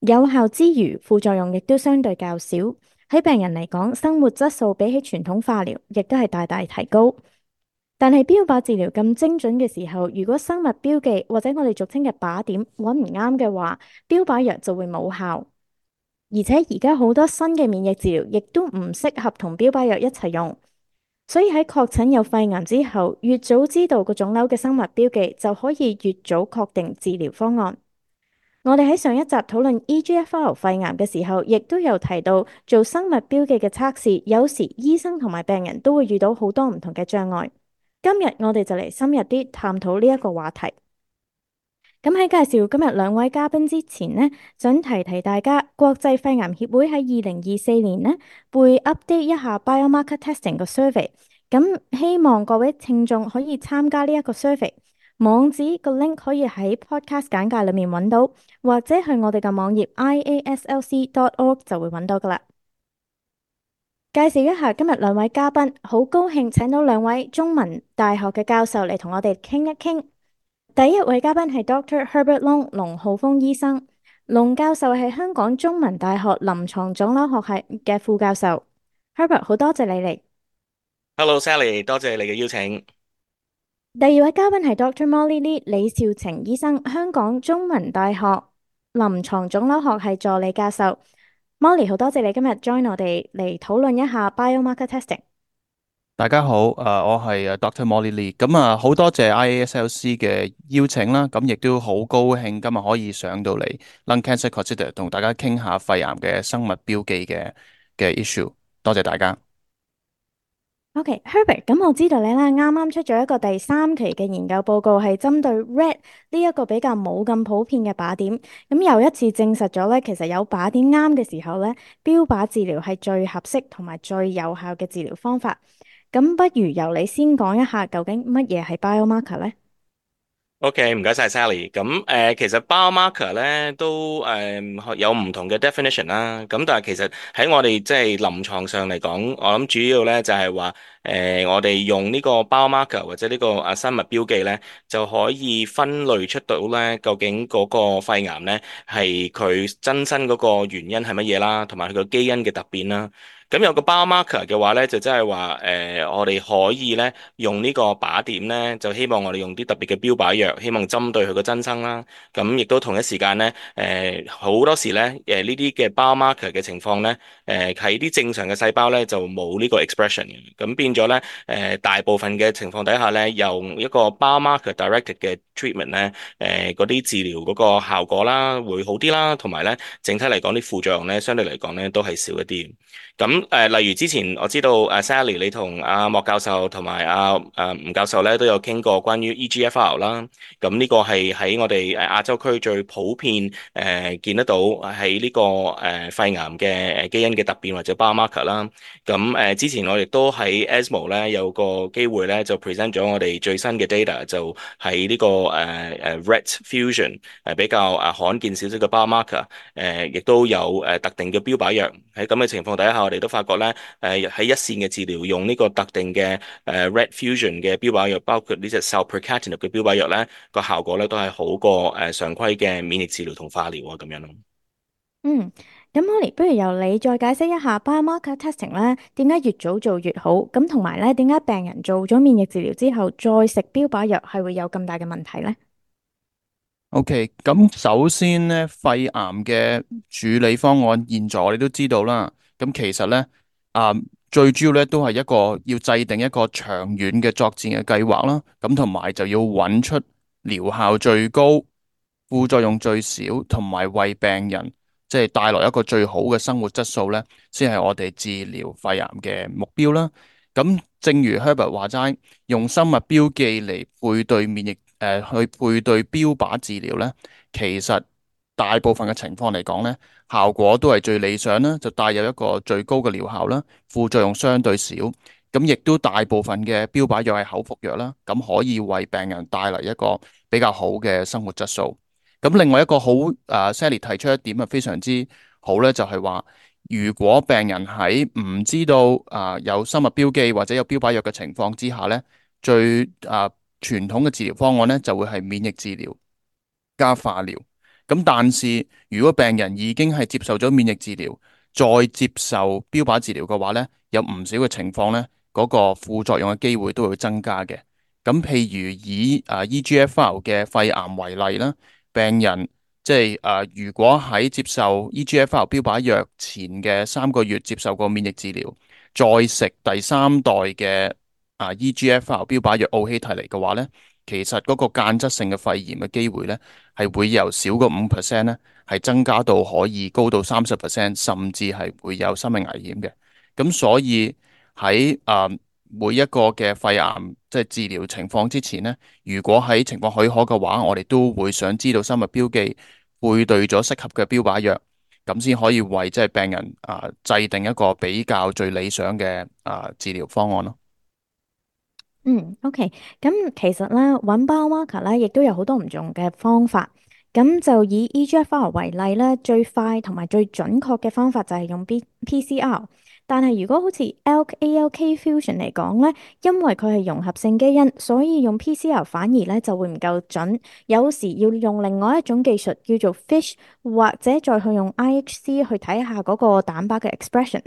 有效之餘，副作用亦都相對較少。喺病人嚟講，生活質素比起傳統化療，亦都係大大提高。但係標靶治療咁精準嘅時候，如果生物標記或者我哋俗稱嘅靶點揾唔啱嘅話，標靶藥就會冇效。而且而家好多新嘅免疫治療，亦都唔適合同標靶藥一齊用。所以喺確診有肺癌之後，越早知道個腫瘤嘅生物標記，就可以越早確定治療方案。我哋喺上一集討論 EGFR 肺癌嘅時候，亦都有提到做生物標記嘅測試，有時醫生同埋病人都會遇到好多唔同嘅障礙。今日我哋就嚟深入啲探討呢一個話題。咁喺介紹今日兩位嘉賓之前呢，想提提大家，國際肺癌協會喺二零二四年呢會 update 一下 biomarker testing 個 survey，咁希望各位聽眾可以參加呢一個 survey。網址個 link 可以喺 podcast 簡介裏面搵到，或者去我哋嘅網頁 iaslc.org 就會搵到噶啦。介紹一下今日兩位嘉賓，好高興請到兩位中文大學嘅教授嚟同我哋傾一傾。第一位嘉賓係 Dr. Herbert Loong 龍浩峰醫生，龍教授係香港中文大學臨牀腫瘤學系嘅副教授。Herbert 好多謝你嚟。Hello Sally，多謝你嘅邀請。第二位嘉賓係 Dr. Molly Li 李少晴醫生，香港中文大學臨床腫瘤學系助理教授。Molly，好多謝你今日 join 我哋嚟討論一下 biomarker testing。大家好，誒，我係 Dr. Molly Lee，咁啊，好多謝 IASLC 嘅邀請啦，咁亦都好高興今日可以上到嚟 Lung Cancer Considered 同大家傾下肺癌嘅生物標記嘅嘅 issue。多謝大家。OK，Herbert，okay，咁我知道你咧，啱啱出咗一個第三期嘅研究報告，係針對 RET 呢一個比較冇咁普遍嘅靶點，咁又一次證實咗咧，其實有靶點啱嘅時候咧，標靶治療係最合適同埋最有效嘅治療方法。咁不如由你先講一下，究竟乜嘢係 biomarker 咧？OK，唔該晒 Sally。咁誒、呃，其實 biomarker 咧都誒、嗯，有唔同嘅 definition 啦。咁但係其實喺我哋即係臨床上嚟講，我諗主要咧就係話誒，我哋用呢個 biomarker 或者呢個啊生物標記咧，就可以分類出到咧究竟嗰個肺癌咧係佢真身嗰個原因係乜嘢啦，同埋佢嘅基因嘅突變啦。咁有個 biomarker 嘅話咧，就即係話誒，我哋可以咧用呢個靶點咧，就希望我哋用啲特別嘅標靶藥，希望針對佢嘅增生啦。咁、啊、亦都同一時間咧，誒、呃、好多時咧，誒呢啲嘅 biomarker 嘅情況咧，誒喺啲正常嘅細胞咧就冇、啊、呢個 expression。咁變咗咧，誒大部分嘅情況底下咧，由一個 biomarker directed 嘅 treatment 咧，誒嗰啲治療嗰個效果啦，會好啲啦，同埋咧整體嚟講啲副作用咧，相對嚟講咧都係少一啲。咁誒，例如之前我知道阿 Sally 你同阿莫教授同埋阿誒吳教授咧都有傾過關於 EGFR 啦，咁呢個係喺我哋亞洲區最普遍誒、呃、見得到喺呢個誒肺癌嘅基因嘅突變或者 biomarker 啦。咁誒之前我亦都喺 ESMO 咧有個機會咧就 present 咗我哋最新嘅 data 就喺呢、這個誒誒、呃、RET fusion 誒比較誒罕見少少嘅 biomarker 誒、呃，亦都有誒特定嘅標靶藥，喺咁嘅情況底下。我哋都發覺咧，誒、呃、喺一線嘅治療用呢個特定嘅誒、呃、Red Fusion 嘅標靶藥，包括呢隻 selpercatinib 嘅標靶藥咧，這個效果咧都係好過誒、呃、常規嘅免疫治療同化療啊，咁樣咯。嗯，咁 Molly，不如由你再解釋一下 biomarker testing 咧，點解越早做越好？咁同埋咧，點解病人做咗免疫治療之後再食標靶藥係會有咁大嘅問題咧？OK，咁首先咧，肺癌嘅處理方案現在我哋都知道啦。咁其實咧，啊，最主要咧都係一個要制定一個長遠嘅作戰嘅計劃啦。咁同埋就要揾出療效最高、副作用最少，同埋為病人即係帶來一個最好嘅生活質素咧，先係我哋治療肺癌嘅目標啦。咁正如 Herbert 話齋，用生物標記嚟配對免疫誒，去、呃、配對標靶治療咧，其實，大部分嘅情況嚟講呢，效果都係最理想啦，就帶有一個最高嘅療效啦，副作用相對少。咁亦都大部分嘅標靶藥係口服藥啦，咁可以為病人帶嚟一個比較好嘅生活質素。咁另外一個好誒，Sally、呃、提出一點啊，非常之好呢，就係、是、話，如果病人喺唔知道誒有生物標記或者有標靶藥嘅情況之下呢，最誒傳、呃、統嘅治療方案呢，就會係免疫治療加化療。咁，但是如果病人已經係接受咗免疫治療，再接受標靶治療嘅話咧，有唔少嘅情況咧，嗰、那個副作用嘅機會都會增加嘅。咁譬如以誒、e、EGFR 嘅肺癌為例啦，病人即係誒如果喺接受 EGFR 標靶藥前嘅三個月接受過免疫治療，再食第三代嘅啊 EGFR 標靶藥奧希替尼嘅話咧。其實嗰個間質性嘅肺炎嘅機會咧，係會由少過五 percent 咧，係增加到可以高到三十 percent，甚至係會有生命危險嘅。咁所以喺啊、呃、每一個嘅肺癌即係、就是、治療情況之前咧，如果喺情況許可嘅話，我哋都會想知道生物標記背對咗適合嘅標靶藥，咁先可以為即係病人啊、呃、制定一個比較最理想嘅啊、呃、治療方案咯。嗯，OK，咁其實咧搵 biomarker 咧，亦都有好多唔同嘅方法。咁就以 E G F R 為例咧，最快同埋最準確嘅方法就係用 P C R。但係如果好似 A L K fusion 嚟講咧，因為佢係融合性基因，所以用 P C R 反而咧就會唔夠準。有時要用另外一種技術叫做 Fish，或者再去用 I H C 去睇下嗰個蛋白嘅 expression。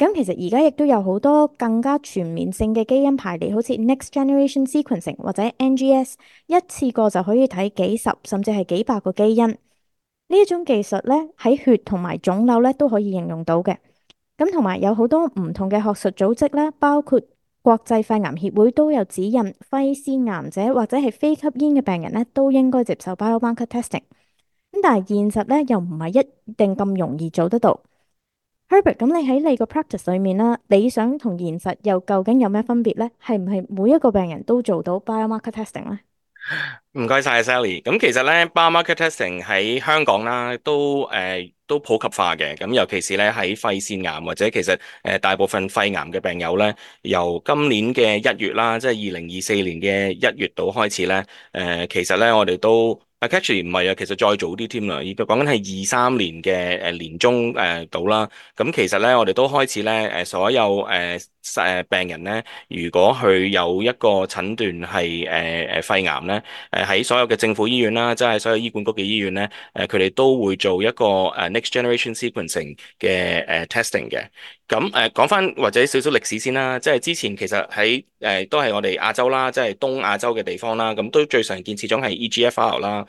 咁其實而家亦都有好多更加全面性嘅基因排列，好似 Next Generation Sequencing 或者 NGS，一次過就可以睇幾十甚至係幾百個基因。呢一種技術咧，喺血同埋腫瘤咧都可以應用到嘅。咁同埋有好多唔同嘅學術組織咧，包括國際肺癌協會都有指引，肺腺癌者或者係非吸煙嘅病人咧，都應該接受 biomarker testing。咁但係現實咧，又唔係一定咁容易做得到。Herbert，咁你喺你個 practice 裏面啦，理想同現實又究竟有咩分別咧？係唔係每一個病人都做到 biomarker testing 咧？唔該晒，Sally。咁其實咧，biomarker testing 喺香港啦，都誒、呃、都普及化嘅。咁尤其是咧喺肺腺癌或者其實誒、呃、大部分肺癌嘅病友咧，由今年嘅一月啦，即係二零二四年嘅一月度開始咧，誒、呃，其實咧我哋都。啊，actually 唔係啊，其實再早啲添啦，而家講緊係二三年嘅誒年終誒到啦。咁、呃、其實咧，我哋都開始咧誒，所有誒誒、呃、病人咧，如果佢有一個診斷係誒誒肺癌咧，誒、呃、喺所有嘅政府醫院啦，即係所有醫管局嘅醫院咧，誒佢哋都會做一個誒 next generation sequencing 嘅誒 testing 嘅。咁誒講翻或者少少歷史先啦，即係之前其實喺誒、呃、都係我哋亞洲啦，即係東亞洲嘅地方啦，咁都最常見始終係 EGFR 啦。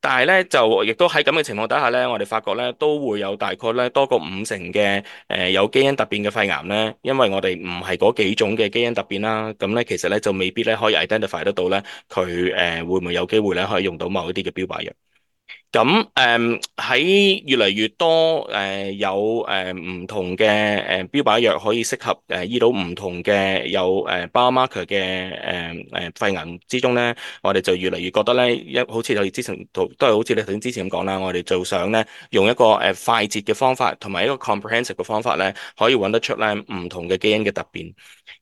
但係咧就亦都喺咁嘅情況底下咧，我哋發覺咧都會有大概咧多過五成嘅誒、呃、有基因突變嘅肺癌咧，因為我哋唔係嗰幾種嘅基因突變啦，咁、嗯、咧其實咧就未必咧可以 identify 得到咧佢誒會唔會有機會咧可以用到某一啲嘅標靶藥。咁誒喺越嚟越多誒、呃、有誒唔、呃、同嘅誒標、呃、靶藥可以適合誒醫到唔同嘅有誒 biomarker 嘅誒誒、呃呃、肺癌之中咧，我哋就越嚟越覺得咧一好似你之前都係好似你頭先之前咁講啦，我哋就想咧用一個誒快捷嘅方法同埋一個 comprehensive 嘅方法咧，可以搵得出咧唔同嘅基因嘅突變，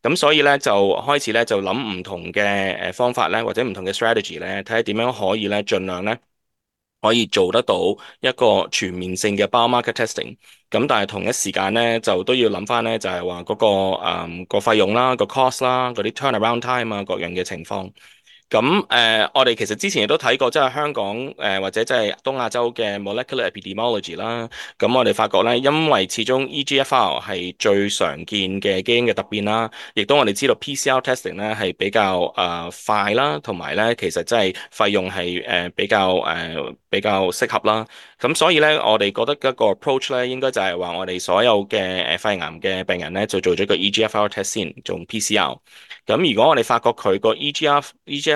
咁所以咧就開始咧就諗唔同嘅誒方法咧或者唔同嘅 strategy 咧，睇下點樣可以咧盡量咧。可以做得到一個全面性嘅 biomarker testing，咁但係同一時間咧就都要諗翻咧，就係話嗰個誒個費用啦、個 cost 啦、嗰啲 turnaround time 啊各樣嘅情況。咁誒、呃、我哋其實之前亦都睇過即係香港誒、呃、或者即係東亞洲嘅 molecular epidemiology 啦。咁、嗯、我哋發覺咧，因為始終 EGFR 係最常見嘅基因嘅突變啦，亦都我哋知道 PCR testing 咧係比較誒、呃、快啦，同埋咧其實真係費用係誒、呃、比較誒、呃、比較適合啦。咁、嗯、所以咧，我哋覺得個 approach 咧，應該就係話我哋所有嘅誒肺癌嘅病人咧，就做咗個 EGFR test 先、嗯，做、嗯、PCR。咁如果我哋發覺佢個 EGFR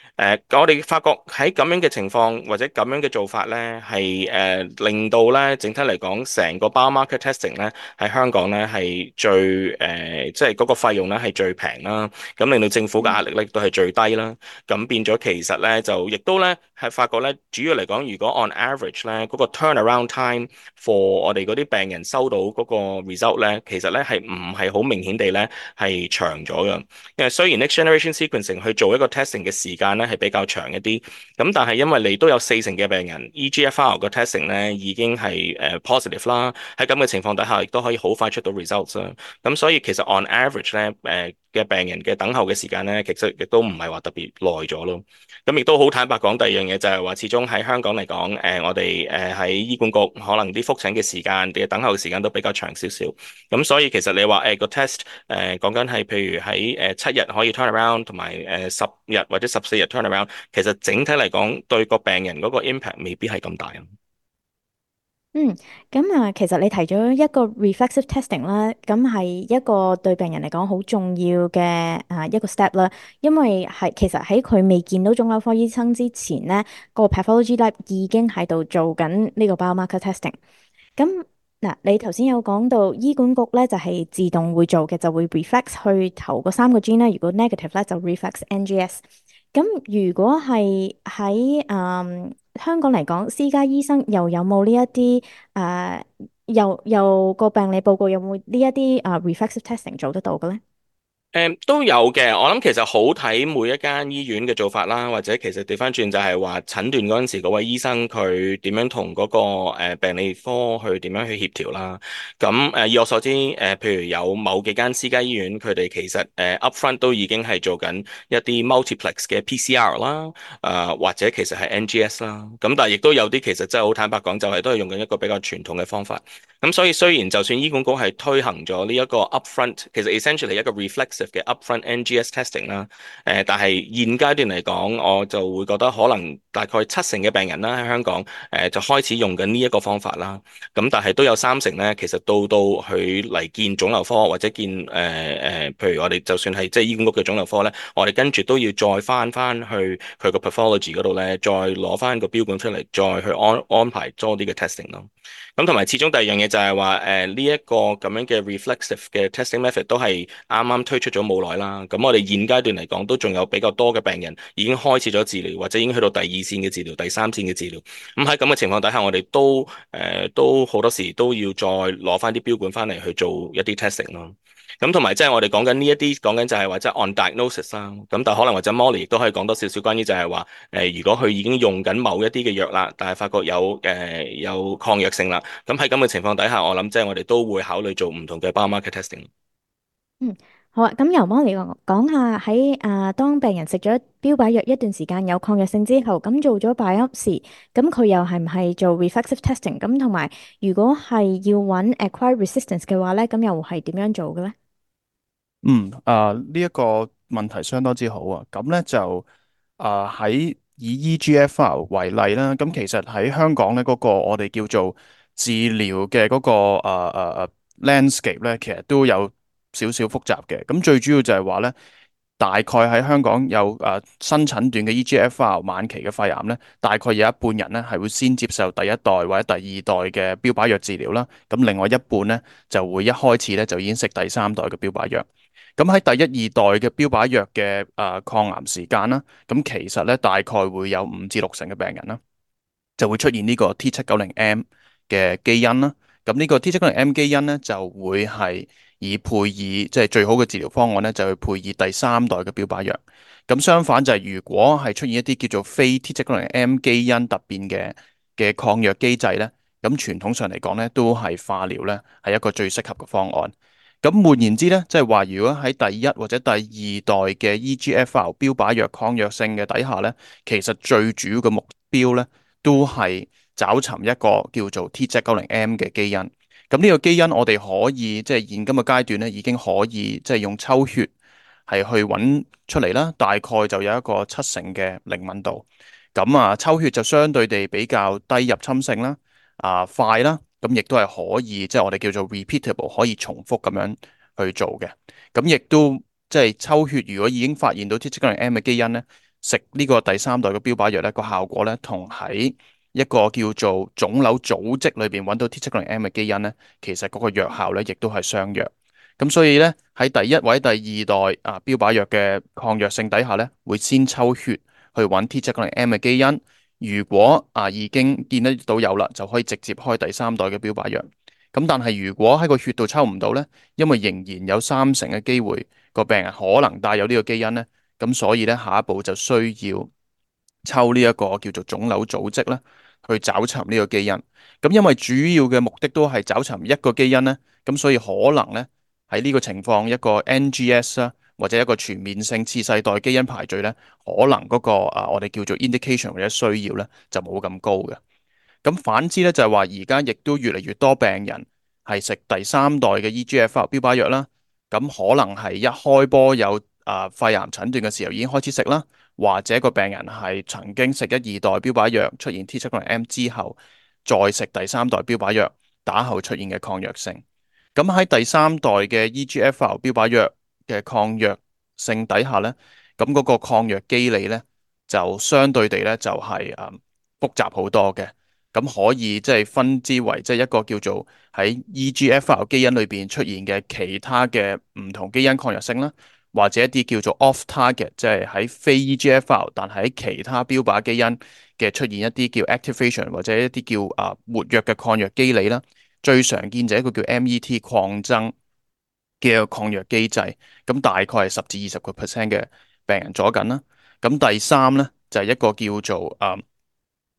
誒，我哋發覺喺咁樣嘅情況或者咁樣嘅做法咧，係誒令到咧整體嚟講，成個 biomarker testing 咧，喺香港咧係最誒，即係嗰個費用咧係最平啦。咁令到政府嘅壓力咧都係最低啦。咁變咗其實咧就亦都咧係發覺咧，主要嚟講，如果 on average 咧嗰個 turnaround time for 我哋嗰啲病人收到嗰個 result 咧，其實咧係唔係好明顯地咧係長咗嘅。因為雖然 next generation sequencing 去做一個 testing 嘅時間，咧係比較長一啲，咁但係因為你都有四成嘅病人 EGFR 個 testing 咧已經係誒 positive 啦，喺咁嘅情況底下，亦都可以好快出到 results 啦，咁所以其實 on average 咧、呃、誒，嘅病人嘅等候嘅時間咧，其實亦都唔係話特別耐咗咯。咁、嗯、亦都好坦白講，第二樣嘢就係話，始終喺香港嚟講，誒、呃、我哋誒喺醫管局可能啲覆診嘅時間嘅等候時間都比較長少少。咁、嗯、所以其實你話誒、呃個 test 誒講緊係譬如喺誒七日可以 turn around，同埋誒十日或者十四日 turn around，其實整體嚟講對個病人嗰個 impact 未必係咁大啊。嗯，咁啊，其實你提咗一個 reflexive testing 啦，咁係一個對病人嚟講好重要嘅啊、呃、一個 step 啦，因為係其實喺佢未見到腫瘤科醫生之前咧，個 pathology lab 已經喺度做緊呢個 biomarker testing。咁嗱，你頭先有講到醫管局咧，就係、是、自動會做嘅，就會 reflex 去投個三個 gene 咧，如果 negative 咧就 reflex NGS。咁如果係喺啊？嗯香港嚟講，私家醫生又有冇呢一啲誒，又又個病理報告有冇呢一啲誒、呃、reflexive testing 做得到嘅呢？誒、嗯，都有嘅。我諗其實好睇每一間醫院嘅做法啦，或者其實調翻轉就係話診斷嗰陣時嗰位醫生佢點樣同嗰、那個誒、呃、病理科去點樣去協調啦。咁、嗯、誒以我所知，誒、呃、譬如有某幾間私家醫院，佢哋其實誒、呃、upfront 都已經係做緊一啲 multiplex 嘅 PCR 啦，誒、呃、或者其實係 NGS 啦。咁、嗯、但係亦都有啲其實真係好坦白講，就係都係用緊一個比較傳統嘅方法。咁、嗯、所以雖然就算醫管局係推行咗呢一個 upfront，其實 essentially 一個 reflex。嘅 upfront NGS testing 啦，誒，但係現階段嚟講，我就會覺得可能大概七成嘅病人啦喺香港，誒、呃、就開始用緊呢一個方法啦。咁但係都有三成咧，其實到到佢嚟見腫瘤科或者見誒誒、呃、譬如我哋就算係即係醫管局嘅腫瘤科咧，我哋跟住都要再翻翻去佢個 pathology 度咧，再攞翻個標本出嚟，再去安安排多啲嘅 testing 咯、啊。咁同埋始終第二、呃這個、這樣嘢就係話誒呢一個咁樣嘅 reflexive 嘅 testing method 都係啱啱推出咗冇耐啦，咁我哋現階段嚟講，都仲有比較多嘅病人已經開始咗治療，或者已經去到第二線嘅治療、第三線嘅治療。咁喺咁嘅情況底下，我哋都誒都好多時都要再攞翻啲標本翻嚟去做一啲 testing 咯。咁同埋即係我哋講緊呢一啲講緊就係話，即係按 diagnosis 啦。咁但可能或者 Molly 都可以講多少少關於就係話，誒如果佢已經用緊某一啲嘅藥啦，但係發覺有誒有抗藥性啦。咁喺咁嘅情況底下，我諗即係我哋都會考慮做唔同嘅 biomarker testing。嗯。好啊，咁由 Molly 講下喺啊，當病人食咗標靶藥一段時間有抗藥性之後，咁做咗 biopsy，咁佢又係唔係做 reflexive testing？咁同埋，如果係要揾 acquired resistance 嘅話咧，咁又係點樣做嘅咧？嗯，啊呢一個問題相當之好啊，咁咧就啊喺以 EGFR 為例啦，咁、嗯、其實喺香港咧嗰個我哋叫做治療嘅嗰、那個、呃、啊啊啊 landscape 咧，其實都有。少少複雜嘅，咁最主要就係話咧，大概喺香港有誒、呃、新診斷嘅 EGFR 晚期嘅肺癌咧，大概有一半人咧係會先接受第一代或者第二代嘅標靶藥治療啦，咁另外一半咧就會一開始咧就已經食第三代嘅標靶藥，咁喺第一二代嘅標靶藥嘅誒、呃、抗癌時間啦，咁其實咧大概會有五至六成嘅病人啦，就會出現呢個 T790M 嘅基因啦。咁呢個 T790M 基因咧，就會係以配以即係最好嘅治療方案咧，就去配以第三代嘅標靶藥。咁相反就係、是、如果係出現一啲叫做非 T790M 基因突變嘅嘅抗藥機制咧，咁傳統上嚟講咧，都係化療咧係一個最適合嘅方案。咁換言之咧，即係話如果喺第一或者第二代嘅 EGFR 標靶藥抗藥性嘅底下咧，其實最主要嘅目標咧都係。找尋一個叫做 T 七九零 M 嘅基因，咁呢個基因我哋可以即係、就是、現今嘅階段咧，已經可以即係、就是、用抽血係去揾出嚟啦。大概就有一個七成嘅靈敏度，咁啊抽血就相對地比較低入侵性啦，啊快啦，咁亦都係可以即係、就是、我哋叫做 repeatable 可以重複咁樣去做嘅。咁亦都即係抽血，如果已經發現到 T 七九零 M 嘅基因咧，食呢個第三代嘅標靶藥咧，個效果咧同喺一個叫做腫瘤組織裏邊揾到 T7 零 M 嘅基因呢，其實嗰個藥效呢亦都係相約。咁所以呢，喺第一位、第二代啊標靶藥嘅抗藥性底下呢，會先抽血去揾 T7 零 M 嘅基因。如果啊已經見得到有啦，就可以直接開第三代嘅標靶藥。咁但係如果喺個血度抽唔到呢，因為仍然有三成嘅機會個病人可能帶有呢個基因呢。咁所以呢，下一步就需要抽呢一個叫做腫瘤組織啦。去找尋呢個基因，咁因為主要嘅目的都係找尋一個基因呢。咁所以可能呢，喺呢個情況一個 NGS 啊，或者一個全面性次世代基因排序呢，可能嗰個啊我哋叫做 indication 或者需要呢，就冇咁高嘅。咁反之呢，就係話而家亦都越嚟越多病人係食第三代嘅 EGFR 標靶藥啦，咁可能係一開波有啊肺癌診斷嘅時候已經開始食啦。或者個病人係曾經食一二代標靶藥出現 T 七零 M 之後，再食第三代標靶藥打後出現嘅抗藥性。咁喺第三代嘅 EGFR 標靶藥嘅抗藥性底下呢，咁嗰個抗藥機理呢，就相對地呢就係、是、誒、嗯、複雜好多嘅。咁可以即係分之為即係、就是、一個叫做喺 EGFR 基因裏邊出現嘅其他嘅唔同基因抗藥性啦。或者一啲叫做 off target，即係喺非 EGFR，但係喺其他標靶基因嘅出現一啲叫 activation，或者一啲叫啊活躍嘅抗藥機理啦。最常見就一個叫 MET 擴增嘅抗藥機制，咁大概係十至二十個 percent 嘅病人阻緊啦。咁第三呢，就係一個叫做啊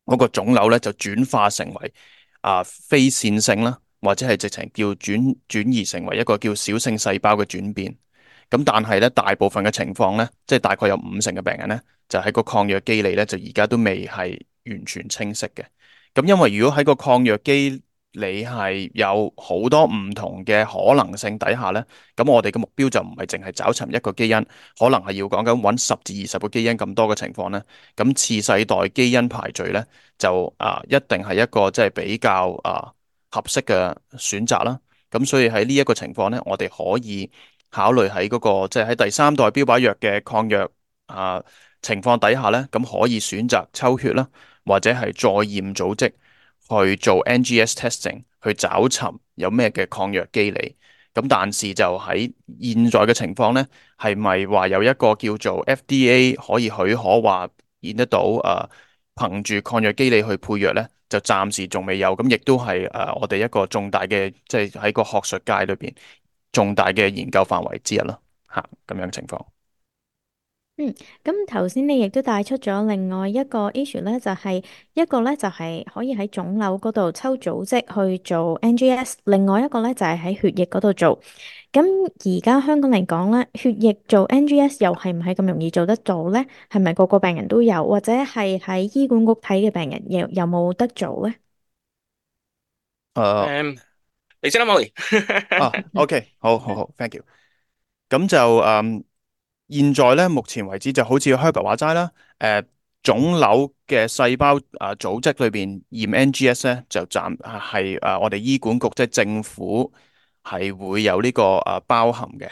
嗰個腫瘤呢，就轉化成為啊非線性啦，或者係直情叫轉轉移成為一個叫小性細胞嘅轉變。咁但係咧，大部分嘅情況咧，即係大概有五成嘅病人咧，就喺個抗藥機理咧，就而家都未係完全清晰嘅。咁因為如果喺個抗藥機理係有好多唔同嘅可能性底下咧，咁我哋嘅目標就唔係淨係找尋一個基因，可能係要講緊搵十至二十個基因咁多嘅情況咧。咁次世代基因排序咧，就啊一定係一個即係比較啊合適嘅選擇啦。咁所以喺呢一個情況咧，我哋可以考慮喺嗰、那個即係喺第三代標靶藥嘅抗藥啊、呃、情況底下咧，咁可以選擇抽血啦，或者係再驗組織去做 NGS testing 去找尋有咩嘅抗藥機理。咁但是就喺現在嘅情況咧，係咪話有一個叫做 FDA 可以許可話驗得到啊、呃、憑住抗藥機理去配藥咧，就暫時仲未有。咁亦都係誒、呃、我哋一個重大嘅即係喺個學術界裏邊，重大嘅研究範圍之一咯，嚇、啊、咁樣情況。嗯，咁頭先你亦都帶出咗另外一個 issue，咧，就係、是、一個咧，就係、是、可以喺腫瘤嗰度抽組織去做 NGS，另外一個咧就係、是、喺血液嗰度做。咁而家香港嚟講咧，血液做 NGS 又係唔係咁容易做得到咧？係咪個個病人都有，或者係喺醫管局睇嘅病人又有冇得做咧？誒。Uh, 你先諗下，啊、 oh,，OK，好好好，thank you。咁就誒，現在咧，目前為止就好似 Herbert 話齋啦，誒、呃，腫瘤嘅細胞誒、呃、組織裏邊驗 NGS 咧，就暫係誒我哋醫管局即係、就是、政府係會有呢、這個誒、呃、包含嘅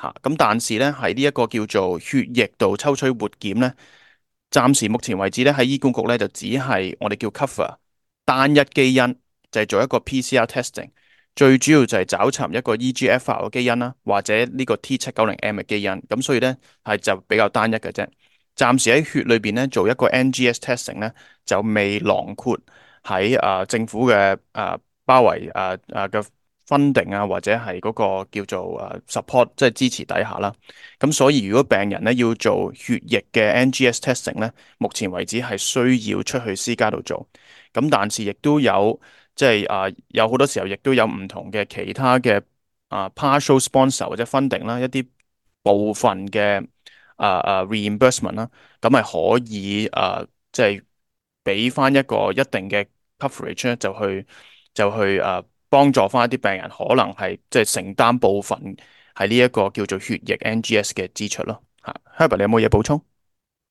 吓。咁、啊、但是咧，喺呢一個叫做血液度抽取活檢咧，暫時目前為止咧喺醫管局咧就只係我哋叫 Cover 單一基因，就係、是、做一個 PCR testing。最主要就係找尋一個 EGFR 嘅基因啦，或者呢個 T790M 嘅基因，咁所以咧係就比較單一嘅啫。暫時喺血裏邊咧做一個 NGS testing 咧，就未囊括喺啊、呃、政府嘅啊、呃、包圍啊啊嘅 funding 啊，或者係嗰個叫做啊 support 即係支持底下啦。咁所以如果病人咧要做血液嘅 NGS testing 咧，目前為止係需要出去私家度做。咁但是亦都有。即係啊，有好多時候亦都有唔同嘅其他嘅啊 partial sponsor 或者 funding 啦，一啲部分嘅啊啊 reimbursement 啦，咁係可以啊，即係俾翻一個一定嘅 coverage 咧，就去就去啊幫助翻一啲病人，可能係即係承擔部分喺呢一個叫做血液 NGS 嘅支出咯。哈，Herbert 你有冇嘢補充？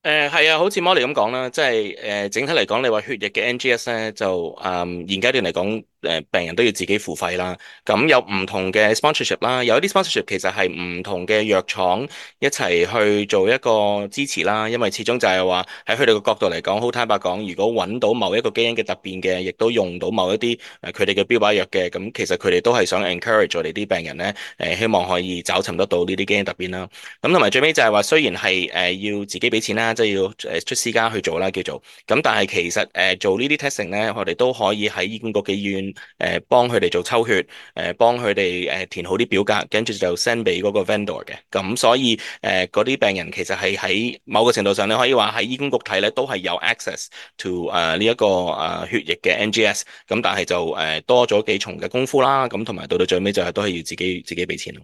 誒，係、呃、啊，好似 Mo 尼咁講啦，即係誒，整體嚟講，你話血液嘅 NGS 咧就誒、呃，現階段嚟講。誒病人都要自己付費啦，咁有唔同嘅 sponsorship 啦，有一啲 sponsorship 其實係唔同嘅藥廠一齊去做一個支持啦，因為始終就係話喺佢哋嘅角度嚟講，好坦白講，如果揾到某一個基因嘅突變嘅，亦都用到某一啲誒佢哋嘅標靶藥嘅，咁其實佢哋都係想 encourage 我哋啲病人咧，誒、呃、希望可以找尋得到呢啲基因突變啦。咁同埋最尾就係話，雖然係誒、呃、要自己俾錢啦，即係要誒出私家去做啦，叫做咁，但係其實誒、呃、做呢啲 testing 咧，我哋都可以喺醫管局嘅醫院。誒幫佢哋做抽血，誒幫佢哋誒填好啲表格，跟住就 send 俾嗰個 vendor 嘅。咁所以誒嗰啲病人其實係喺某個程度上，你可以話喺醫管局睇咧都係有 access to 誒呢一個誒、uh, 血液嘅 NGS。咁但係就誒多咗幾重嘅功夫啦。咁同埋到到最尾就係都係要自己自己俾錢咯。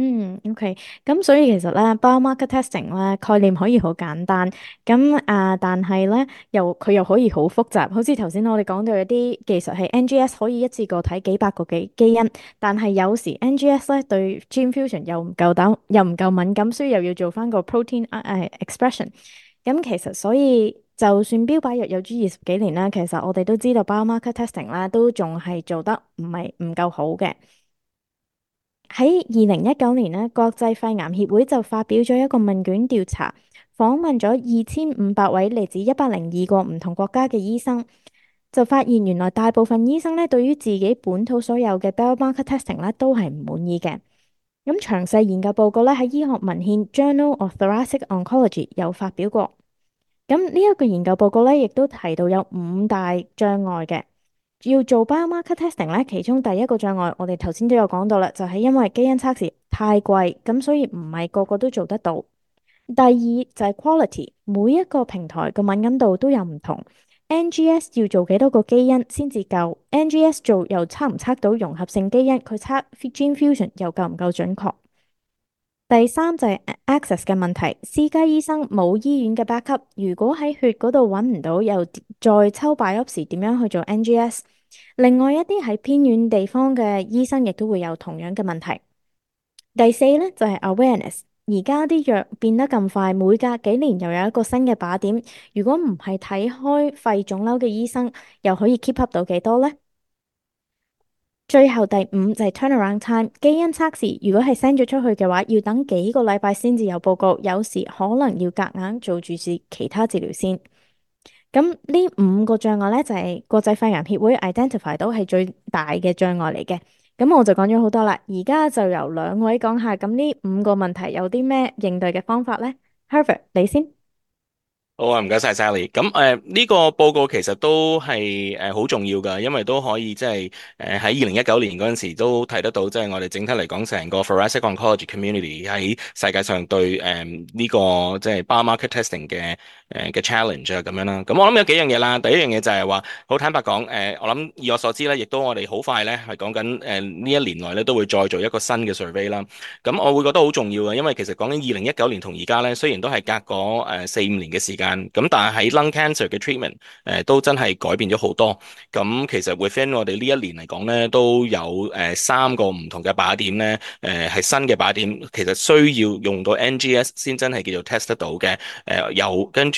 嗯，OK，咁所以其實咧，biomarker testing 咧概念可以好簡單，咁啊、呃，但係咧又佢又可以好複雜，好似頭先我哋講到有啲技術係 NGS 可以一次過睇幾百個嘅基因，但係有時 NGS 咧對 gene fusion 又唔夠膽，又唔夠敏感，所以又要做翻個 protein expression、呃。咁 Exp 其實所以就算標靶藥有追二十幾年啦，其實我哋都知道 biomarker testing 咧都仲係做得唔係唔夠好嘅。喺二零一九年咧，國際肺癌協會就發表咗一個問卷調查，訪問咗二千五百位嚟自一百零二個唔同國家嘅醫生，就發現原來大部分醫生咧對於自己本土所有嘅 biomarker testing 咧都係唔滿意嘅。咁詳細研究報告咧喺醫學文獻 Journal of Thoracic Oncology 有發表過。咁呢一個研究報告咧，亦都提到有五大障礙嘅。要做 biomarker testing 咧，其中第一個障礙，我哋頭先都有講到啦，就係因為基因測試太貴，咁所以唔係個個都做得到。第二就係 quality，每一個平台個敏感度都有唔同。NGS 要做幾多個基因先至夠？NGS 做又測唔測到融合性基因？佢測 gene fusion 又夠唔夠準確？第三就係 access 嘅問題，私家醫生冇醫院嘅 backup，如果喺血嗰度揾唔到，又再抽 biopsy 點樣去做 NGS？另外一啲喺偏遠地方嘅醫生亦都會有同樣嘅問題。第四呢，就係 awareness，而家啲藥變得咁快，每隔幾年又有一個新嘅靶點，如果唔係睇開肺腫瘤嘅醫生，又可以 keep up 到幾多呢？最後第五就係 turnaround time 基因測試如果係 send 咗出去嘅話，要等幾個禮拜先至有報告，有時可能要夾硬，硬做住治其他治療先。咁呢五個障礙咧就係、是、國際肺癌協會 identify 到係最大嘅障礙嚟嘅。咁我就講咗好多啦，而家就由兩位講下，咁呢五個問題有啲咩應對嘅方法咧？Herbert，你先。好啊，唔該晒，Sally。咁誒，呢個報告其實都係誒好重要噶，因為都可以即係誒喺二零一九年嗰陣時都睇得到，即係我哋整體嚟講，成個 thoracic oncology community 喺世界上對誒呢個即係 biomarker testing 嘅誒嘅 challenge 啊，咁樣啦。咁、嗯、我諗有幾樣嘢啦。第一樣嘢就係話好坦白講，誒、呃、我諗以我所知咧，亦都我哋好快咧係講緊誒呢、呃、一年內咧都會再做一個新嘅 survey 啦。咁、嗯、我會覺得好重要嘅，因為其實講緊二零一九年同而家咧，雖然都係隔個誒四五年嘅時間，咁但係喺 lung cancer 嘅 treatment 誒、呃、都真係改變咗好多。咁、嗯、其實 within 我哋呢一年嚟講咧，都有誒、呃、三個唔同嘅靶點咧，誒、呃、係新嘅靶點，其實需要用到 NGS 先真係叫做 test 得到嘅。誒、呃、有、呃呃、跟住。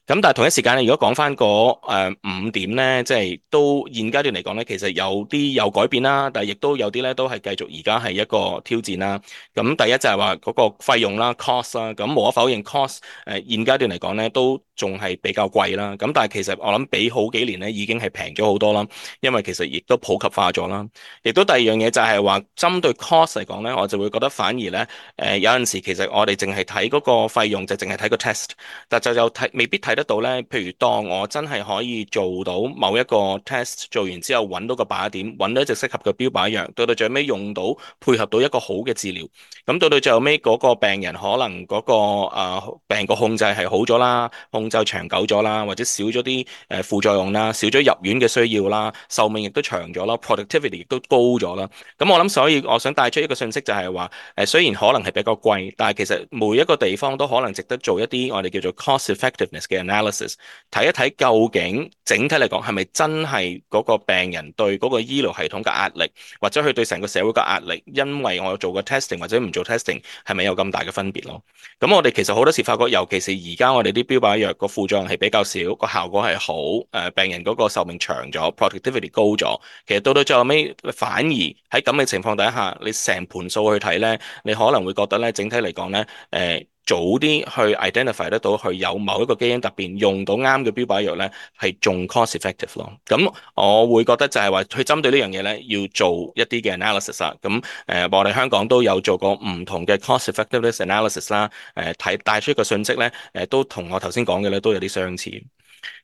咁但係同一時間咧，如果講翻個誒五點咧，即係都現階段嚟講咧，其實有啲有改變啦，但係亦都有啲咧都係繼續而家係一個挑戰啦。咁第一就係話嗰個費用啦，cost 啦，咁無可否認，cost 誒現階段嚟講咧都仲係比較貴啦。咁但係其實我諗比好幾年咧已經係平咗好多啦，因為其實亦都普及化咗啦。亦都第二樣嘢就係話針對 cost 嚟講咧，我就會覺得反而咧誒、呃、有陣時其實我哋淨係睇嗰個費用就淨係睇個 test，但就又睇未必睇。睇得到咧，譬如當我真係可以做到某一個 test 做完之後揾到個靶點，揾到一隻適合嘅標靶藥，到到最尾用到配合到一個好嘅治療，咁到到最後尾個病人可能嗰個啊病個控制係好咗啦，控制長久咗啦，或者少咗啲誒副作用啦，少咗入院嘅需要啦，壽命亦都長咗啦，productivity 亦都高咗啦。咁我諗所以我想帶出一個信息就係話誒雖然可能係比較貴，但係其實每一個地方都可能值得做一啲我哋叫做 cost-effectiveness 嘅。analysis 睇一睇究竟，整體嚟講係咪真係嗰個病人對嗰個醫療系統嘅壓力，或者佢對成個社會嘅壓力，因為我做過 testing 或者唔做 testing 係咪有咁大嘅分別咯？咁我哋其實好多時發覺，尤其是而家我哋啲標靶藥個副作用係比較少，個效果係好，誒、呃、病人嗰個壽命長咗，productivity 高咗。其實到到最後尾，反而喺咁嘅情況底下，你成盤數去睇咧，你可能會覺得咧，整體嚟講咧，誒、呃。早啲去 identify 得到佢有某一個基因突變，用到啱嘅標靶藥咧，係仲 cost-effective 咯。咁我會覺得就係話，佢針對呢樣嘢咧，要做一啲嘅 analysis 啦。咁誒、呃，我哋香港都有做過唔同嘅 cost-effectiveness analysis 啦。誒、呃，睇帶出嘅信息咧，誒、呃、都同我頭先講嘅咧都有啲相似。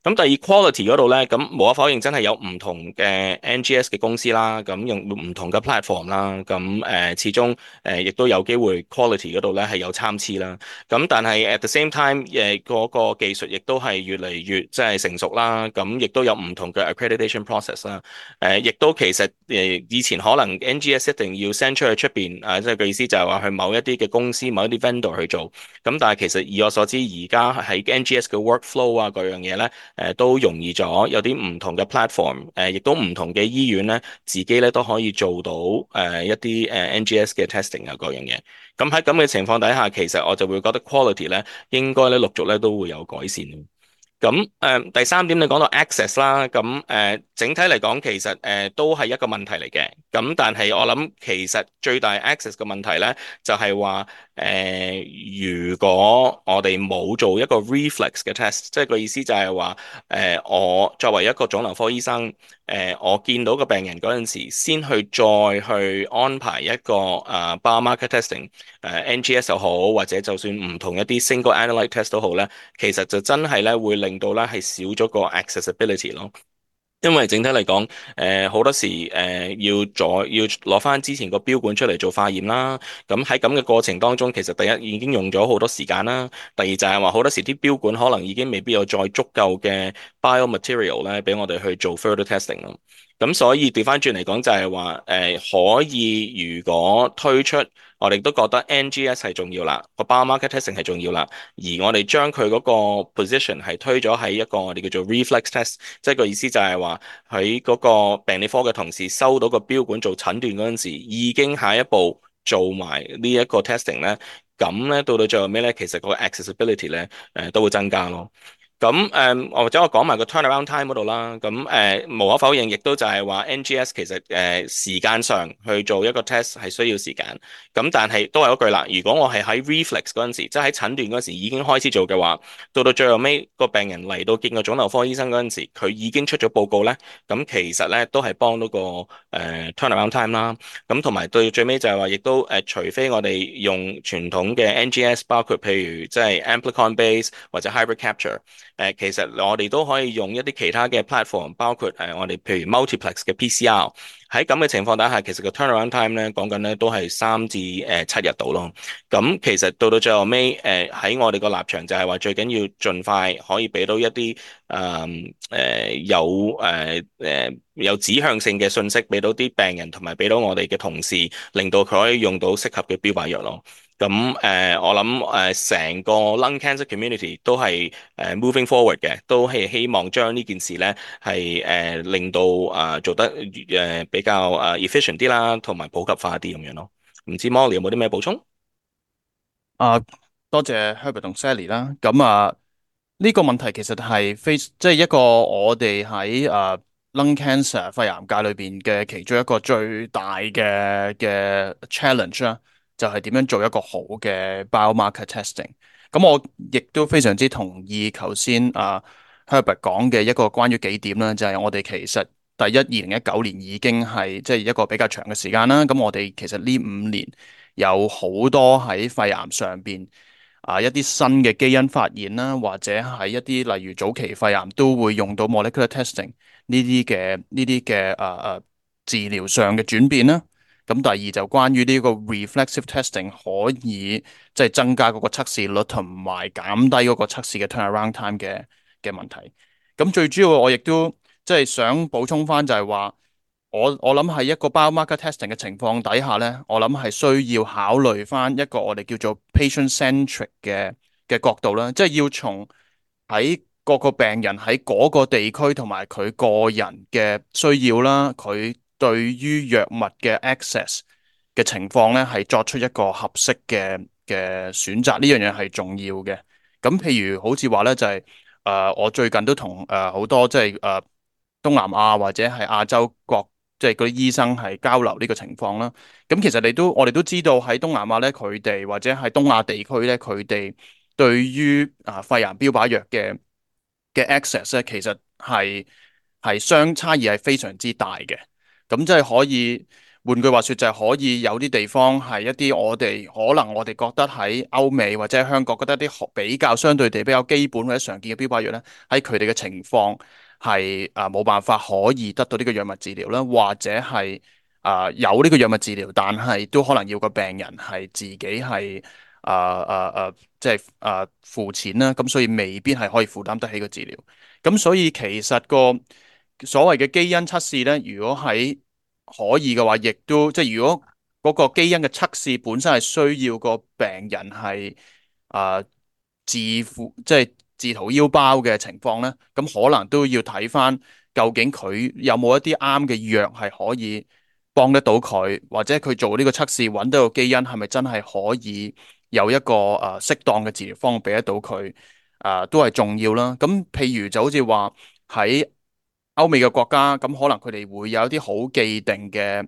咁第二 quality 嗰度咧，咁無可否認真係有唔同嘅 NGS 嘅公司啦，咁用唔同嘅 platform 啦，咁、呃、誒始終誒亦、呃、都有機會 quality 嗰度咧係有參差啦。咁但係 at the same time 誒嗰個技術亦都係越嚟越即係成熟啦，咁亦都有唔同嘅 accreditation process 啦、呃。誒亦都其實誒、呃、以前可能 NGS 一定要 send 出去出邊，啊、呃、即係個意思就係話去某一啲嘅公司、某一啲 vendor 去做。咁但係其實以我所知，而家喺 NGS 嘅 workflow 啊嗰樣嘢咧。誒都容易咗，有啲唔同嘅 platform，誒亦都唔同嘅醫院咧，自己咧都可以做到誒、呃、一啲誒 NGS 嘅 testing 啊。各樣嘢。咁喺咁嘅情況底下，其實我就會覺得 quality 咧應該咧陸續咧都會有改善。咁誒、呃、第三點你講到 access 啦，咁誒、呃、整體嚟講其實誒、呃、都係一個問題嚟嘅。咁但係我諗其實最大 access 嘅問題咧就係、是、話。誒、呃，如果我哋冇做一個 reflex 嘅 test，即係個意思就係話，誒、呃，我作為一個腫瘤科醫生，誒、呃，我見到個病人嗰陣時，先去再去安排一個啊 biomarker testing，誒，NGS 又好，或者就算唔同一啲 single analyte test 都好咧，其實就真係咧會令到咧係少咗個 accessibility 咯。因為整體嚟講，誒、呃、好多時，誒、呃、要再要攞翻之前個標管出嚟做化驗啦。咁喺咁嘅過程當中，其實第一已經用咗好多時間啦。第二就係話好多時啲標管可能已經未必有再足夠嘅 biomaterial 咧，俾我哋去做 further testing 啦。咁所以調返轉嚟講，就係話誒可以，如果推出，我哋都覺得 NGS 係重要啦，個 biomarker testing 係重要啦，而我哋將佢嗰個 position 係推咗喺一個我哋、這個、叫做 reflex test 即係個意思就係話喺嗰個病理科嘅同事收到個標本做診斷嗰陣時，已經下一步做埋呢一個 testing 咧，咁咧到到最後咩咧？其實個 accessibility 咧誒、呃、都會增加咯。咁誒、嗯，或者我講埋個 turnaround time 嗰度啦。咁誒、呃，無可否認，亦都就係話 NGS 其實誒、呃、時間上去做一個 test 係需要時間。咁但係都係嗰句啦，如果我係喺 reflex 嗰陣時，即係喺診斷嗰時已經開始做嘅話，到到最後尾個病人嚟到見個腫瘤科醫生嗰陣時，佢已經出咗報告咧。咁其實咧都係幫到、個誒、呃、turnaround time 啦。咁同埋到最尾就係話，亦都誒、呃，除非我哋用傳統嘅 NGS，包括譬如即係 Amplicon Base 或者 Hybrid Capture。誒，其實我哋都可以用一啲其他嘅 platform，包括誒我哋譬如 multiplex 嘅 PCR。喺咁嘅情況底下，其實個 turnaround time 咧講緊咧都係三至誒七日度咯。咁、嗯、其實到到最後尾誒喺我哋個立場就係話，最緊要盡快可以俾到一啲誒誒有誒誒、呃、有指向性嘅信息，俾到啲病人同埋俾到我哋嘅同事，令到佢可以用到適合嘅標靶藥咯。咁誒、呃，我諗誒，成、呃、個 lung cancer community 都係誒、呃、moving forward 嘅，都係希望將呢件事咧係誒令到啊、呃、做得誒、呃、比較啊、呃、efficient 啲啦，同埋普及化啲咁樣咯。唔知 Molly 有冇啲咩補充？啊，多謝 Herbert 同 Sally 啦。咁啊，呢、這個問題其實係非即係一個我哋喺啊 lung cancer 肺癌界裏邊嘅其中一個最大嘅嘅 challenge 啦。就係點樣做一個好嘅 biomarker testing？咁我亦都非常之同意頭先啊 Herbert 講嘅一個關於幾點啦，就係、是、我哋其實第一二零一九年已經係即係一個比較長嘅時間啦。咁我哋其實呢五年有好多喺肺癌上邊啊一啲新嘅基因發現啦，或者係一啲例如早期肺癌都會用到 molecular testing 呢啲嘅呢啲嘅啊啊治療上嘅轉變啦。咁第二就關於呢個 reflexive testing 可以即係增加嗰個測試率同埋減低嗰個測試嘅 turnaround time 嘅嘅問題。咁最主要我亦都即係想補充翻就係話，我我諗喺一個 biomarker testing 嘅情況底下咧，我諗係需要考慮翻一個我哋叫做 patient centric 嘅嘅角度啦，即係要從喺各個病人喺嗰個地區同埋佢個人嘅需要啦，佢。對於藥物嘅 access 嘅情況咧，係作出一個合適嘅嘅選擇，呢樣嘢係重要嘅。咁譬如好似話咧，就係、是、誒、呃、我最近都同誒好多即係誒東南亞或者係亞洲國，即係嗰啲醫生係交流呢個情況啦。咁其實你都我哋都知道喺東南亞咧，佢哋或者係東亞地區咧，佢哋對於啊、呃、肺癌標靶藥嘅嘅 access 咧，其實係係相差異係非常之大嘅。咁即係可以換句話説，就係、是、可以有啲地方係一啲我哋可能我哋覺得喺歐美或者香港覺得啲比較相對地比較基本或者常見嘅標靶藥咧，喺佢哋嘅情況係啊冇辦法可以得到呢個藥物治療啦，或者係啊、呃、有呢個藥物治療，但係都可能要個病人係自己係啊啊啊即係啊付錢啦，咁所以未必係可以負擔得起個治療。咁所以其實個。所謂嘅基因測試咧，如果喺可以嘅話，亦都即係如果嗰個基因嘅測試本身係需要個病人係啊、呃、自付，即係自掏腰包嘅情況咧，咁可能都要睇返究竟佢有冇一啲啱嘅藥係可以幫得到佢，或者佢做呢個測試揾到個基因係咪真係可以有一個誒呃、適當嘅治療方案俾得到佢啊、呃，都係重要啦。咁譬如就好似話喺。歐美嘅國家，咁可能佢哋會有一啲好既定嘅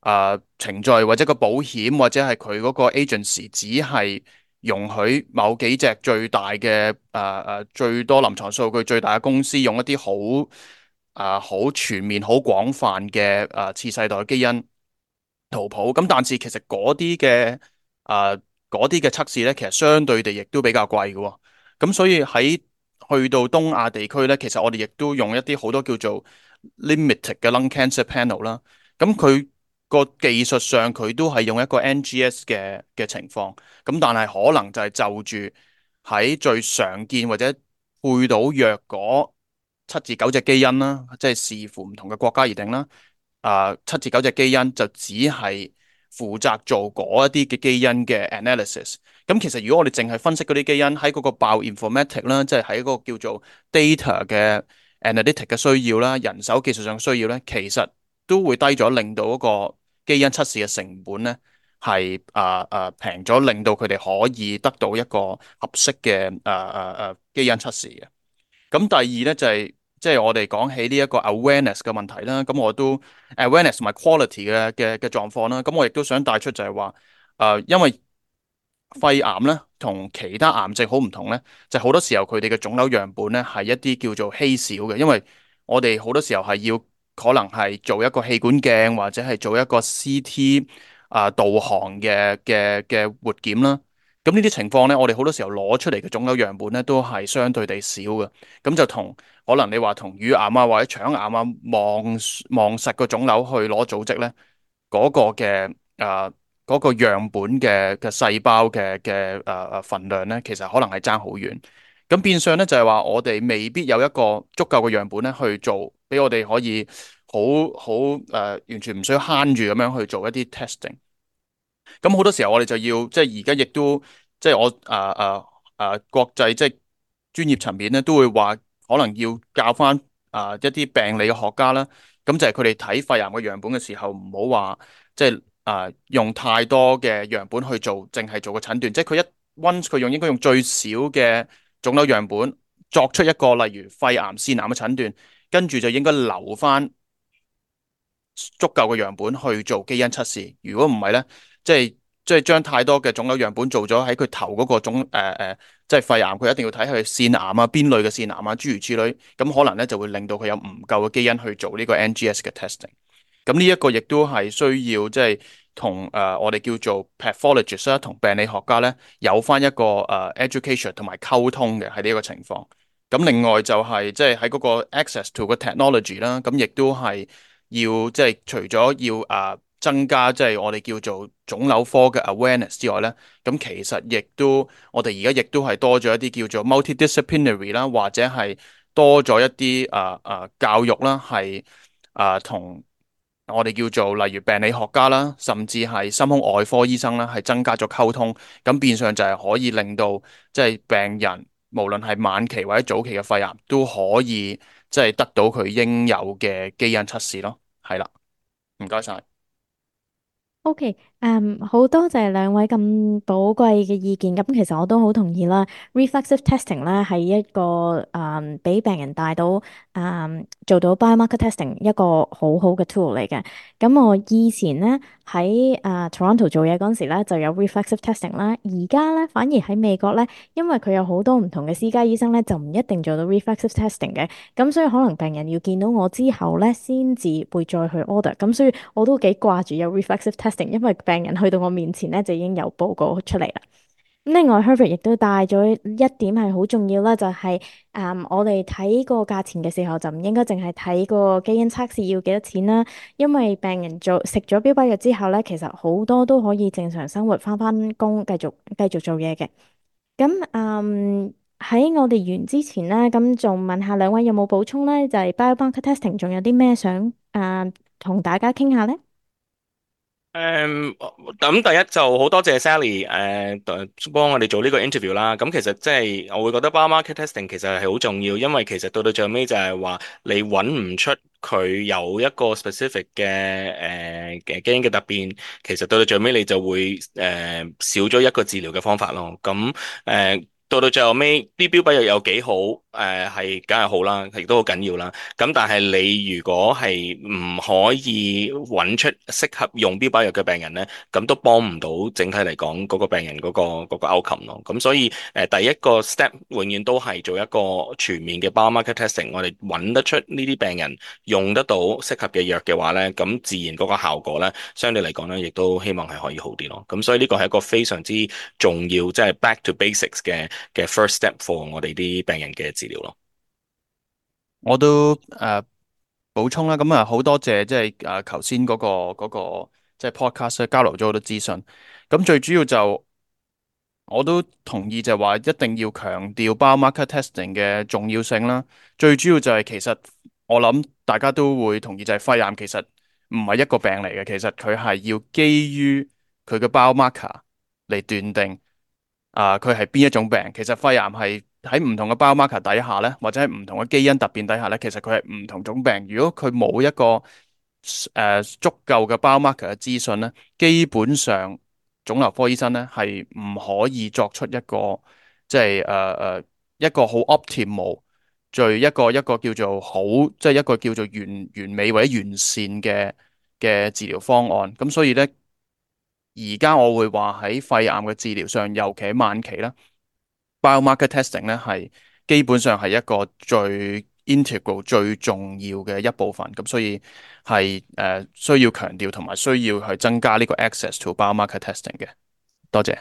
啊、呃、程序，或者個保險，或者係佢嗰個 agency 只係容許某幾隻最大嘅啊啊最多臨床數據最大嘅公司用一啲好啊好全面好廣泛嘅啊、呃、次世代基因圖譜。咁但是其實嗰啲嘅啊嗰啲嘅測試咧，其實相對地亦都比較貴嘅喎。咁所以喺去到東亞地區咧，其實我哋亦都用一啲好多叫做 limited 嘅 lung cancer panel 啦。咁佢個技術上佢都係用一個 NGS 嘅嘅情況。咁但係可能就係就住喺最常見或者背到約七至九隻基因啦，即係視乎唔同嘅國家而定啦。啊、呃，七至九隻基因就只係負責做嗰一啲嘅基因嘅 analysis。咁其實如果我哋淨係分析嗰啲基因喺嗰個 bio-informatic 啦，即係喺嗰個叫做 data 嘅 analytic 嘅需要啦，人手技術上嘅需要咧，其實都會低咗，令到嗰個基因測試嘅成本咧係啊啊平咗，令到佢哋可以得到一個合適嘅啊啊啊基因測試嘅。咁第二咧就係即係我哋講起呢一個 awareness 嘅問題啦。咁我都 awareness 同埋 quality 嘅嘅嘅狀況啦。咁我亦都想帶出就係話啊，因為肺癌咧同其他癌症好唔同咧，就好多時候佢哋嘅腫瘤樣本咧係一啲叫做稀少嘅，因為我哋好多時候係要可能係做一個氣管鏡或者係做一個 CT 啊、呃、導航嘅嘅嘅活檢啦。咁呢啲情況咧，我哋好多時候攞出嚟嘅腫瘤樣本咧都係相對地少嘅。咁就同可能你話同乳癌啊或者腸癌啊望望實個腫瘤去攞組織咧嗰個嘅啊。呃嗰個樣本嘅嘅、嗰個、細胞嘅嘅誒誒份量咧，其實可能係爭好遠。咁變相咧就係話，我哋未必有一個足夠嘅樣本咧去做，俾我哋可以好好誒，完全唔需要慳住咁樣去做一啲 testing。咁好多時候我哋就要即係而家亦都即係我誒誒誒國際即係專業層面咧，都會話可能要教翻誒一啲病理學家啦。咁就係佢哋睇肺癌嘅樣本嘅時候，唔好話即係。啊！Uh, 用太多嘅樣本去做，淨係做個診斷，即係佢一 once 佢用應該用最少嘅腫瘤樣本作出一個例如肺癌腺癌嘅診斷，跟住就應該留返足夠嘅樣本去做基因測試。如果唔係咧，即係即係將太多嘅腫瘤樣本做咗喺佢頭嗰個腫誒誒，即係肺癌，佢、呃、一定要睇佢腺癌啊，邊類嘅腺癌啊，諸如此類，咁可能咧就會令到佢有唔夠嘅基因去做呢個 NGS 嘅 testing。咁呢一個亦都係需要即係同誒我哋叫做 pathologist 同病理學家咧有翻一個誒、uh, education 同埋溝通嘅喺呢一個情況。咁另外就係即係喺嗰個 access to 個 technology 啦，咁亦都係要即係除咗要誒、uh, 增加即係我哋叫做腫瘤科嘅 awareness 之外咧，咁其實亦都我哋而家亦都係多咗一啲叫做 multidisciplinary 啦，或者係多咗一啲誒誒教育啦，係誒、uh, 同。我哋叫做例如病理學家啦，甚至係心胸外科醫生啦，係增加咗溝通，咁變相就係可以令到即係、就是、病人無論係晚期或者早期嘅肺癌都可以即係、就是、得到佢應有嘅基因測試咯，係啦，唔該晒。Okay. 嗯，好、um, 多謝兩位咁寶貴嘅意見。咁其實我都好同意啦。reflexive testing 咧係一個誒俾、嗯、病人帶到誒、嗯、做到 biomarker testing 一個好好嘅 tool 嚟嘅。咁我以前咧喺誒 Toronto 做嘢嗰陣時咧就有 reflexive testing 啦。而家咧反而喺美國咧，因為佢有好多唔同嘅私家醫生咧就唔一定做到 reflexive testing 嘅。咁所以可能病人要見到我之後咧先至會再去 order。咁所以我都幾掛住有 reflexive testing，因為。病人去到我面前咧，就已經有報告出嚟啦。另外 Herbert 亦都帶咗一點係好重要啦，就係、是、誒、嗯，我哋睇個價錢嘅時候，就唔應該淨係睇個基因測試要幾多錢啦。因為病人做食咗標靶藥之後咧，其實好多都可以正常生活，翻返工，繼續繼續做嘢嘅。咁誒喺我哋完之前咧，咁仲問下兩位有冇補充咧？就係、是、Biobank、er、Testing，仲有啲咩想誒同、呃、大家傾下咧？誒，咁、um, 第一就好多謝 Sally，誒、uh,，幫我哋做呢個 interview 啦。咁其實即、就、係、是、我會覺得，biomarker testing 其實係好重要，因為其實到到最尾就係話，你搵唔出佢有一個 specific 嘅誒嘅基因嘅突變，其實到到最尾你就會誒、uh, 少咗一個治療嘅方法咯。咁誒。Uh, 做到最後尾，啲標靶藥有幾好？誒、呃、係，梗係好啦，亦都好緊要啦。咁但係你如果係唔可以揾出適合用標靶藥嘅病人咧，咁都幫唔到整體嚟講嗰個病人嗰、那個嗰、那個 outcome 咯。咁所以誒、呃，第一個 step 永遠都係做一個全面嘅 Biomarker Testing，我哋揾得出呢啲病人用得到適合嘅藥嘅話咧，咁自然嗰個效果咧，相對嚟講咧，亦都希望係可以好啲咯。咁所以呢個係一個非常之重要，即係 Back to Basics 嘅嘅 first step for 我哋啲病人嘅治療咯，我都誒補、呃、充啦，咁啊好多謝，即係誒頭先嗰個、那個即係、就是、podcast 交流咗好多資訊，咁、嗯、最主要就是、我都同意就係話一定要強調 biomarker testing 嘅重要性啦，最主要就係、是、其實我諗大家都會同意就係肺癌其實唔係一個病嚟嘅，其實佢係要基於佢嘅 biomarker 嚟斷定。啊，佢係邊一種病？其實肺癌係喺唔同嘅 biomarker 底下咧，或者喺唔同嘅基因突變底下咧，其實佢係唔同種病。如果佢冇一個誒、呃、足夠嘅 biomarker 嘅資訊咧，基本上腫瘤科醫生咧係唔可以作出一個即係誒誒一個好 optimal，最一個一個叫做好，即係一個叫做完完美或者完善嘅嘅治療方案。咁所以咧。而家我會話喺肺癌嘅治療上，尤其喺晚期啦，biomarker testing 咧係基本上係一個最 integral 最重要嘅一部分。咁所以係誒需要強調同埋需要去增加呢個 access to biomarker testing 嘅。多謝。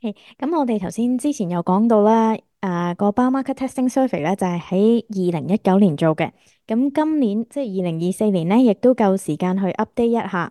咁、okay, 我哋頭先之前有講到啦，誒、啊那個 biomarker testing survey 咧就係喺二零一九年做嘅。咁今年即係二零二四年咧，亦都夠時間去 update 一下。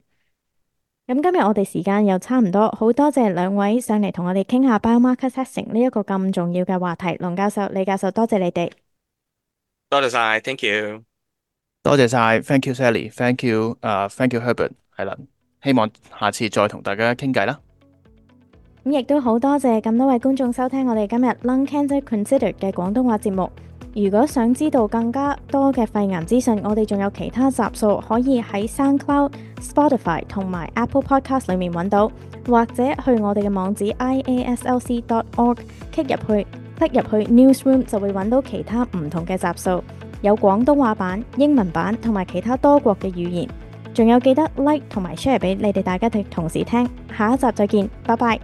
咁今日我哋時間又差唔多，好多謝兩位上嚟同我哋傾下 biomarker testing 呢一個咁重要嘅話題。龍教授、李教授，多謝你哋。多謝晒，thank you。多謝晒，thank you Sally，thank you，誒，uh，thank you Herbert。係啦，希望下次再同大家傾偈啦。咁亦都好多謝咁多位觀眾收聽我哋今日 Lung Cancer Considered 嘅廣東話節目。如果想知道更加多嘅肺癌資訊，我哋仲有其他集數可以喺 SoundCloud、Spotify 同埋 Apple Podcast 裏面揾到，或者去我哋嘅網址 iaslc.org click 入去，click 入去 Newsroom 就會揾到其他唔同嘅集數，有廣東話版、英文版同埋其他多國嘅語言。仲有記得 like 同埋 share 俾你哋大家同同事聽，下一集再見，拜拜。